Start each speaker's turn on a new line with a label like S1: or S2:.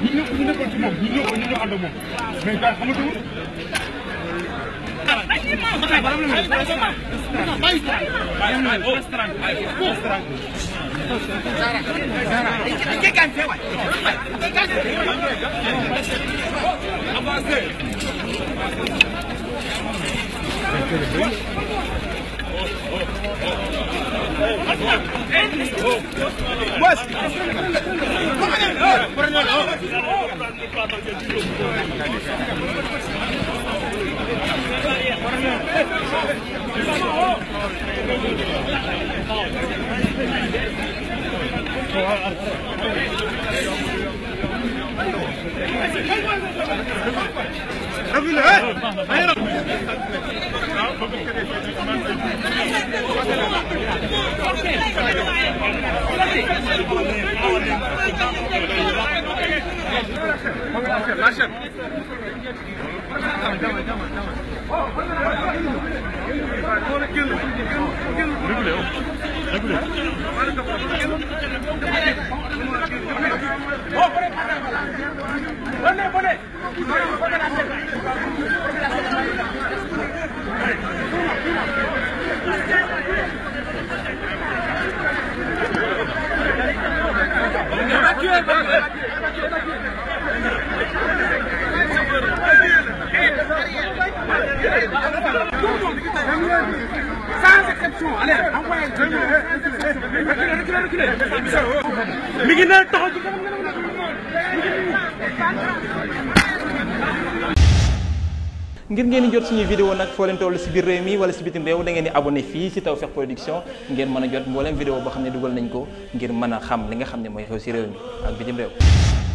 S1: ñun ñëpp ñu nekkoon ci moom ñun ñoo ko ñun ñoo ànd ak moom mais gars xamatuñu. Bas! Hayır. Evacuez, evacuez, evacuez. allez envoyé mi ngi ne taxaw ci ngir ngeen jot suñuy vidéo nag foo leen toll si biir réew mi wala si bitim réew da ngeen di abonné fii si taw Tawfekh Production ngeen mën a jot mbooleem vidéo boo xam ne dugal nañ ko ngir mën a xam li nga xam ne mooy xew si réew mi ak bitim réew